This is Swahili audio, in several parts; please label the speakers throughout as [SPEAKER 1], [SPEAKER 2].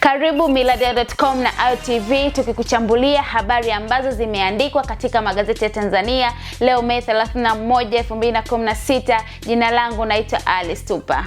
[SPEAKER 1] Karibu millardayo.com na Ayo tukikuchambulia habari ambazo zimeandikwa katika magazeti ya Tanzania leo Mei 31, 2016. Jina langu naitwa Alice Tupa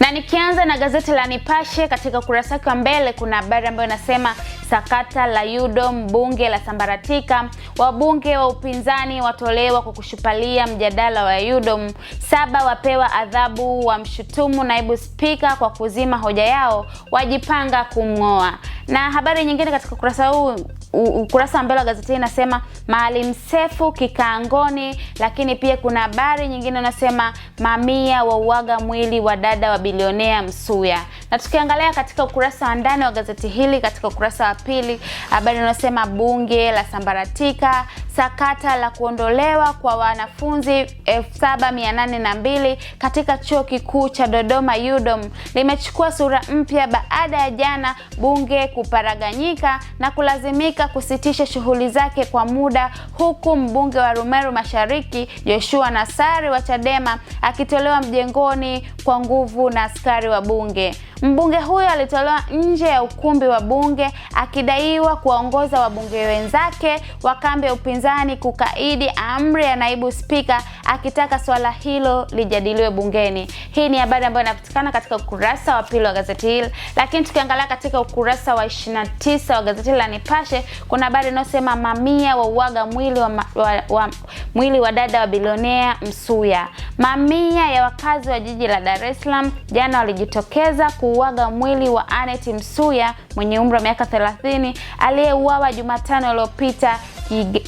[SPEAKER 1] na nikianza na gazeti la Nipashe katika ukurasa wake wa mbele kuna habari ambayo inasema Sakata la UDOM bunge la sambaratika, wabunge wa upinzani watolewa kwa kushupalia mjadala wa UDOM. Saba wapewa adhabu, wamshutumu naibu spika kwa kuzima hoja yao, wajipanga kumng'oa. Na habari nyingine katika ukurasa huu ukurasa wa mbele wa gazeti inasema Maalim Sefu kikaangoni, lakini pia kuna habari nyingine unasema mamia wauaga mwili wa dada wa bilionea Msuya. Na tukiangalia katika ukurasa wa ndani wa gazeti hili, katika ukurasa wa pili, habari inasema bunge la sambaratika sakata la kuondolewa kwa wanafunzi 7802 katika chuo kikuu cha Dodoma UDOM limechukua sura mpya baada ya jana bunge kuparaganyika na kulazimika kusitisha shughuli zake kwa muda, huku mbunge wa Rumeru Mashariki Joshua Nassari wa Chadema akitolewa mjengoni kwa nguvu na askari wa bunge. Mbunge huyo alitolewa nje ya ukumbi wa bunge akidaiwa kuwaongoza wabunge wenzake wa kambi ya upinzani kukaidi amri ya naibu spika akitaka swala hilo lijadiliwe bungeni. Hii ni habari ambayo inapatikana katika ukurasa wa pili wa gazeti hili, lakini tukiangalia katika ukurasa wa 29 wa gazeti la Nipashe kuna habari inayosema mamia wauaga mwili wa, ma, wa, wa, mwili wa dada wa bilionea Msuya. Mamia ya wakazi wa jiji la Dar es Salaam jana walijitokeza ku kuuaga mwili wa Anet Msuya mwenye umri wa miaka 30 aliyeuawa Jumatano iliyopita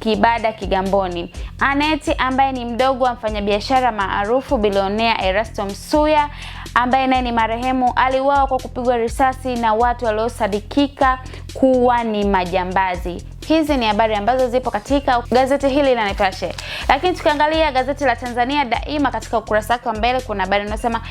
[SPEAKER 1] Kibada Kigamboni. Anet ambaye ni mdogo wa mfanyabiashara maarufu bilionea Erasto Msuya ambaye naye ni marehemu aliuawa kwa kupigwa risasi na watu waliosadikika kuwa ni majambazi hizi ni habari ambazo zipo katika gazeti hili la Nipashe. Lakini tukiangalia gazeti la Tanzania Daima, katika ukurasa wake wa mbele kuna habari inayosema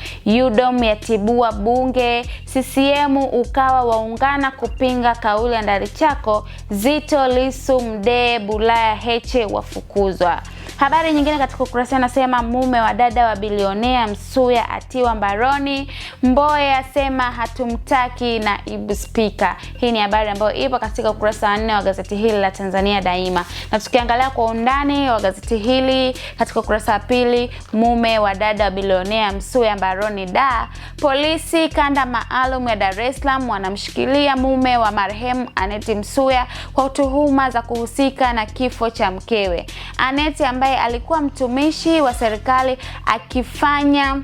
[SPEAKER 1] UDOM yatibua bunge, CCM ukawa waungana kupinga kauli ya Ndalichako, Zito, Lisu, Mdee, Bulaya, Heche wafukuzwa. Habari nyingine katika ukurasa anasema mume wa dada wa bilionea Msuya atiwa mbaroni, Mbowe asema hatumtaki naibu spika. Hii ni habari ambayo ipo katika ukurasa wa nne wa gazeti hili la Tanzania Daima, na tukiangalia kwa undani wa gazeti hili katika ukurasa wa pili, mume wa dada wa bilionea Msuya mbaroni, da polisi kanda maalum ya Dar es Salaam wanamshikilia mume wa marehemu Aneti Msuya kwa tuhuma za kuhusika na kifo cha mkewe Aneti ambaye ambaye alikuwa mtumishi wa serikali akifanya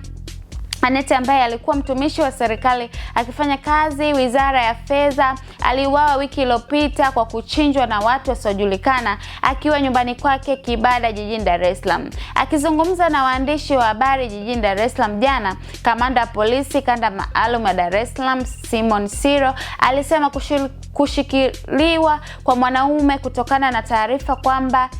[SPEAKER 1] Anete ambaye alikuwa mtumishi wa serikali akifanya kazi Wizara ya Fedha aliuawa wiki iliyopita kwa kuchinjwa na watu wasiojulikana akiwa nyumbani kwake Kibada jijini Dar es Salaam. Akizungumza na waandishi wa habari jijini Dar es Salaam jana, kamanda wa polisi kanda maalum ya Dar es Salaam Simon Siro alisema kushikiliwa kwa mwanaume kutokana na taarifa kwamba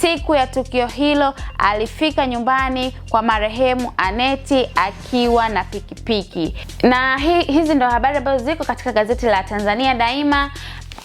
[SPEAKER 1] Siku ya tukio hilo alifika nyumbani kwa marehemu Aneti akiwa na pikipiki. Na hi, hizi ndo habari ambazo ziko katika gazeti la Tanzania Daima.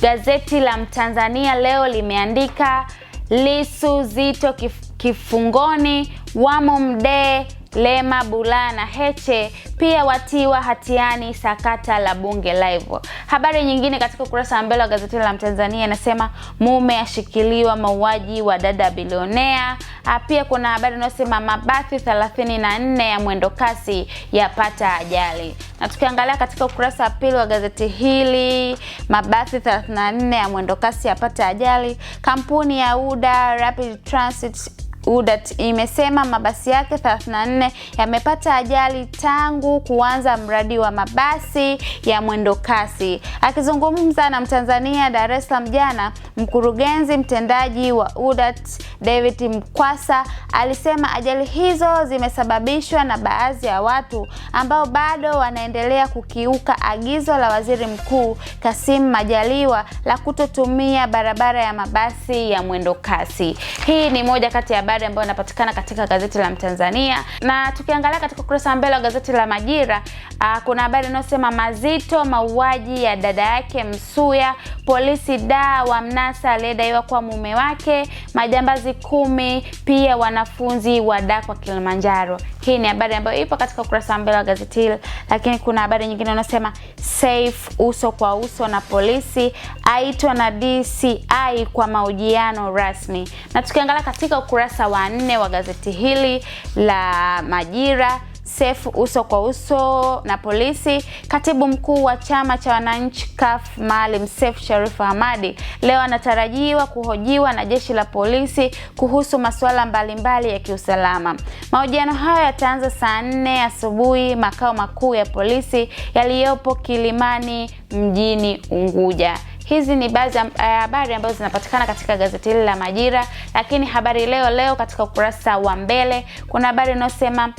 [SPEAKER 1] Gazeti la Mtanzania leo limeandika lisu Zito kif, kifungoni, wamo Mdee Lema, Bulaa na Heche pia watiwa hatiani sakata la bunge Live. Habari nyingine katika ukurasa wa mbele wa gazeti la Mtanzania inasema mume ashikiliwa mauaji wa dada bilionea. Ah, pia kuna habari inayosema mabasi 34 ya mwendo kasi yapata ajali, na tukiangalia katika ukurasa wa pili wa gazeti hili mabasi 34 ya mwendo kasi yapata ajali. Kampuni ya UDA Rapid Transit UDART imesema mabasi yake 34 yamepata ajali tangu kuanza mradi wa mabasi ya mwendo kasi Akizungumza na Mtanzania Dar es Salaam jana, mkurugenzi mtendaji wa UDART David Mkwasa alisema ajali hizo zimesababishwa na baadhi ya watu ambao bado wanaendelea kukiuka agizo la Waziri Mkuu Kassim Majaliwa la kutotumia barabara ya mabasi ya mwendo kasi Hii ni moja kati ya habari ambayo inapatikana katika gazeti la Mtanzania. Na tukiangalia katika ukurasa wa mbele wa gazeti la Majira Aa, ah, kuna habari inayosema mazito mauaji ya dada yake Msuya, polisi da wa mnasa aliyedaiwa kwa mume wake, majambazi kumi pia wanafunzi wa da kwa Kilimanjaro. Hii ni habari ambayo ipo katika ukurasa wa mbele wa gazeti hili, lakini kuna habari nyingine inayosema Seif uso kwa uso na polisi, aitwa na DCI kwa mahojiano rasmi. Na tukiangalia katika ukurasa wa nne wa gazeti hili la Majira Sefu uso kwa uso na polisi. Katibu mkuu wa chama cha wananchi CUF Maalim Seif Sharif Hamadi leo anatarajiwa kuhojiwa na jeshi la polisi kuhusu masuala mbalimbali ya kiusalama. Mahojiano hayo yataanza saa nne asubuhi makao makuu ya polisi yaliyopo Kilimani mjini Unguja. Hizi ni baadhi ya eh, habari ambazo zinapatikana katika gazeti hili la Majira, lakini Habari Leo leo katika ukurasa wa mbele kuna habari inayosema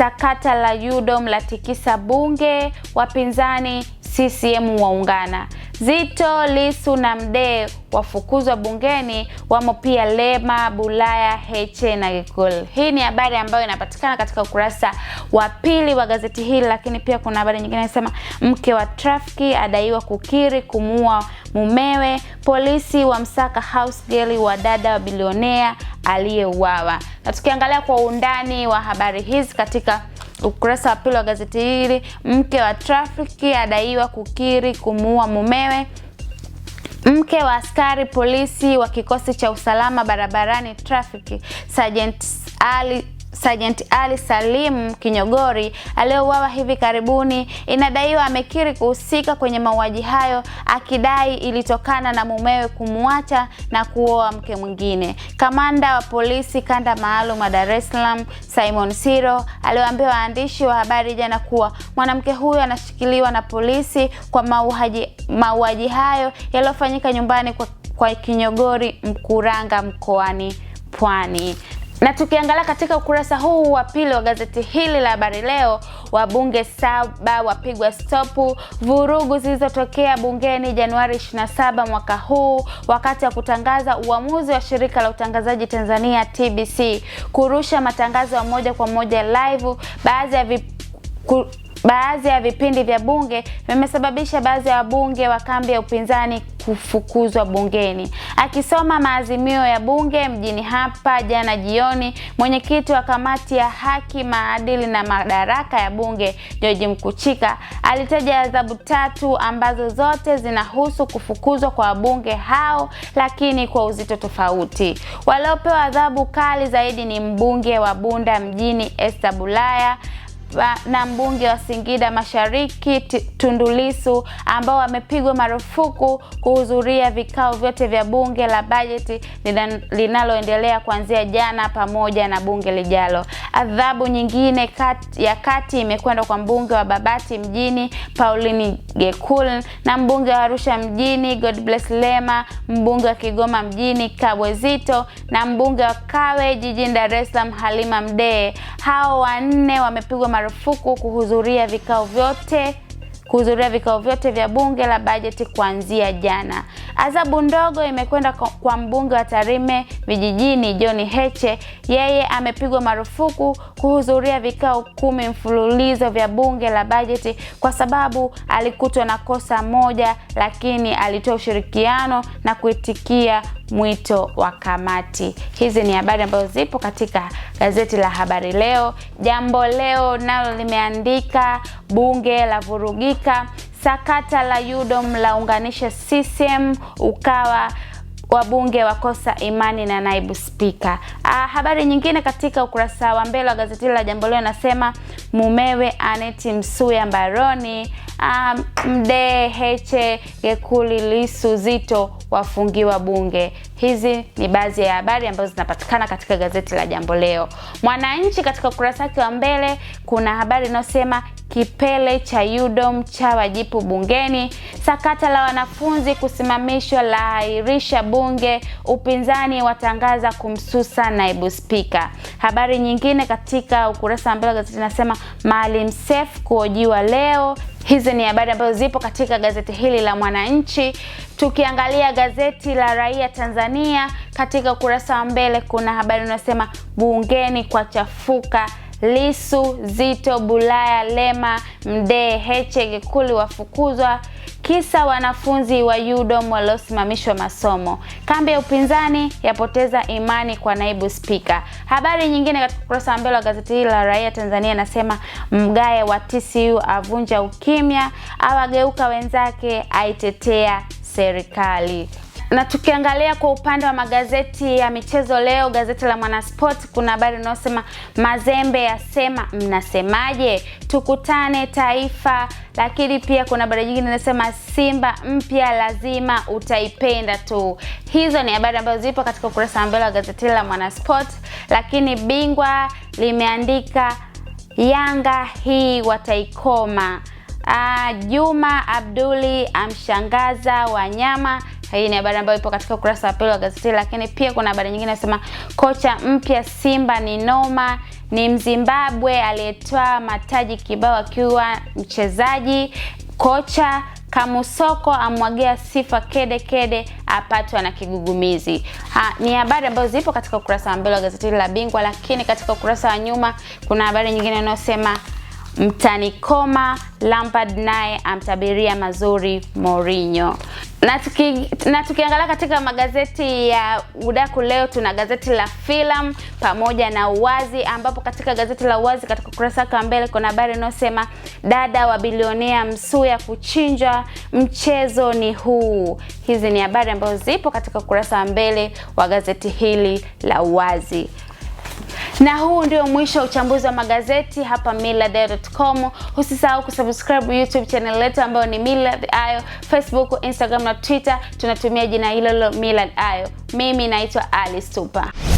[SPEAKER 1] Sakata la UDOM la tikisa bunge, wapinzani CCM waungana. Zito, Lisu na Mdee wafukuzwa bungeni, wamo pia Lema, Bulaya, Heche na Gikul. Hii ni habari ambayo inapatikana katika ukurasa wa pili wa gazeti hili, lakini pia kuna habari nyingine inasema mke wa trafiki adaiwa kukiri kumuua mumewe, polisi wamsaka house girl wa dada wa bilionea aliyeuawa. Na tukiangalia kwa undani wa habari hizi katika ukurasa wa pili wa gazeti hili, mke wa trafiki adaiwa kukiri kumuua mumewe. Mke wa askari polisi wa kikosi cha usalama barabarani trafiki Sergeant Ali Sergeant Ali Salim Kinyogori aliyeuawa hivi karibuni inadaiwa amekiri kuhusika kwenye mauaji hayo akidai ilitokana na mumewe kumwacha na kuoa mke mwingine. Kamanda wa polisi kanda maalum wa Dar es Salaam Simon Siro aliwaambia waandishi wa habari jana kuwa mwanamke huyo anashikiliwa na polisi kwa mauaji hayo yaliyofanyika nyumbani kwa, kwa Kinyogori Mkuranga mkoani Pwani. Na tukiangalia katika ukurasa huu wa pili wa gazeti hili la Habari Leo, wabunge saba wapigwa stopu vurugu zilizotokea bungeni Januari 27 mwaka huu wakati wa kutangaza uamuzi wa shirika la utangazaji Tanzania TBC kurusha matangazo ya moja kwa moja live baadhi ya vip baadhi ya vipindi vya bunge vimesababisha baadhi ya wabunge wa kambi ya upinzani kufukuzwa bungeni. Akisoma maazimio ya bunge mjini hapa jana jioni, mwenyekiti wa kamati ya haki, maadili na madaraka ya bunge George Mkuchika alitaja adhabu tatu ambazo zote zinahusu kufukuzwa kwa wabunge hao, lakini kwa uzito tofauti. Waliopewa adhabu kali zaidi ni mbunge wa Bunda mjini Esther Bulaya na mbunge wa Singida Mashariki Tundu Lissu ambao wamepigwa marufuku kuhudhuria vikao vyote vya bunge la bajeti linaloendelea kuanzia jana pamoja na bunge lijalo. Adhabu nyingine kat, ya kati imekwenda kwa mbunge wa Babati mjini Pauline Gekul na mbunge wa Arusha mjini Godbless Lema, mbunge wa Kigoma mjini Kabwe Zito na mbunge wa Kawe jijini Dar es Salaam Halima Mdee. Hao wanne wamepigwa marufuku kuhudhuria vikao vyote kuhudhuria vikao vyote vya bunge la bajeti kuanzia jana. Adhabu ndogo imekwenda kwa mbunge wa Tarime vijijini John Heche. Yeye amepigwa marufuku kuhudhuria vikao kumi mfululizo vya bunge la bajeti kwa sababu alikutwa na kosa moja, lakini alitoa ushirikiano na kuitikia mwito wa kamati. Hizi ni habari ambazo zipo katika gazeti la Habari Leo. Jambo Leo nalo limeandika bunge la vurugika, sakata la UDOM la unganisha CCM, Ukawa wabunge wakosa imani na naibu spika. Ah, habari nyingine katika ukurasa wa mbele wa gazeti la Jambo Leo nasema mumewe Aneti Msuya mbaroni, ah, Heche Gekuli Lisu Zito wafungiwa Bunge. Hizi ni baadhi ya habari ambazo zinapatikana katika gazeti la Jambo Leo. Mwananchi katika ukurasa wake wa mbele kuna habari inayosema kipele cha UDOM cha wajipu bungeni, sakata la wanafunzi kusimamishwa la airisha bunge, upinzani watangaza kumsusa naibu spika. Habari nyingine katika ukurasa wa mbele wa gazeti inasema Maalim Seif kuojiwa leo. Hizi ni habari ambazo zipo katika gazeti hili la Mwananchi. Tukiangalia gazeti la Raia Tanzania, katika ukurasa wa mbele kuna habari inayosema bungeni kwa chafuka Lisu, Zito, Bulaya, Lema, Mdee, Heche, Gekuli wafukuzwa Kisa wanafunzi wa UDOM waliosimamishwa masomo. Kambi ya upinzani yapoteza imani kwa naibu spika. Habari nyingine katika ukurasa wa mbele wa gazeti hili la Raia Tanzania nasema mgae wa TCU avunja ukimya, awageuka wenzake, aitetea serikali. Na tukiangalia kwa upande wa magazeti ya michezo leo, gazeti la Mwanasport kuna habari inayosema Mazembe yasema mnasemaje, tukutane Taifa. Lakini pia kuna habari nyingine inasema Simba mpya lazima utaipenda tu. Hizo ni habari ambazo zipo katika ukurasa wa mbele wa gazeti la Mwanasport, lakini Bingwa limeandika Yanga hii wataikoma. Aa, ah, Juma Abduli amshangaza wanyama hii ni habari ambayo ipo katika ukurasa wa pili wa gazeti, lakini pia kuna habari nyingine inasema kocha mpya Simba ni noma, ni Mzimbabwe aliyetoa mataji kibao akiwa mchezaji. Kocha Kamusoko amwagia sifa kede kede, apatwa na kigugumizi. Ha, ni habari ambazo zipo katika ukurasa wa mbele wa gazeti la Bingwa, lakini katika ukurasa wa nyuma kuna habari nyingine inayosema mtanikoma Lampard naye amtabiria mazuri Mourinho na tuki, na tukiangalia katika magazeti ya udaku leo tuna gazeti la Filamu pamoja na Uwazi, ambapo katika gazeti la Uwazi katika ukurasa wake wa mbele kuna habari inayosema dada wa bilionea Msuya kuchinjwa, mchezo ni huu. Hizi ni habari ambazo zipo katika ukurasa wa mbele wa gazeti hili la Uwazi. Na huu ndio mwisho wa uchambuzi wa magazeti hapa millardayo.com. Usisahau kusubscribe YouTube channel letu ambayo ni Millard Ayo, Facebook, Instagram na Twitter tunatumia jina hilo hilo Millard Ayo. Mimi naitwa Alice Tupa.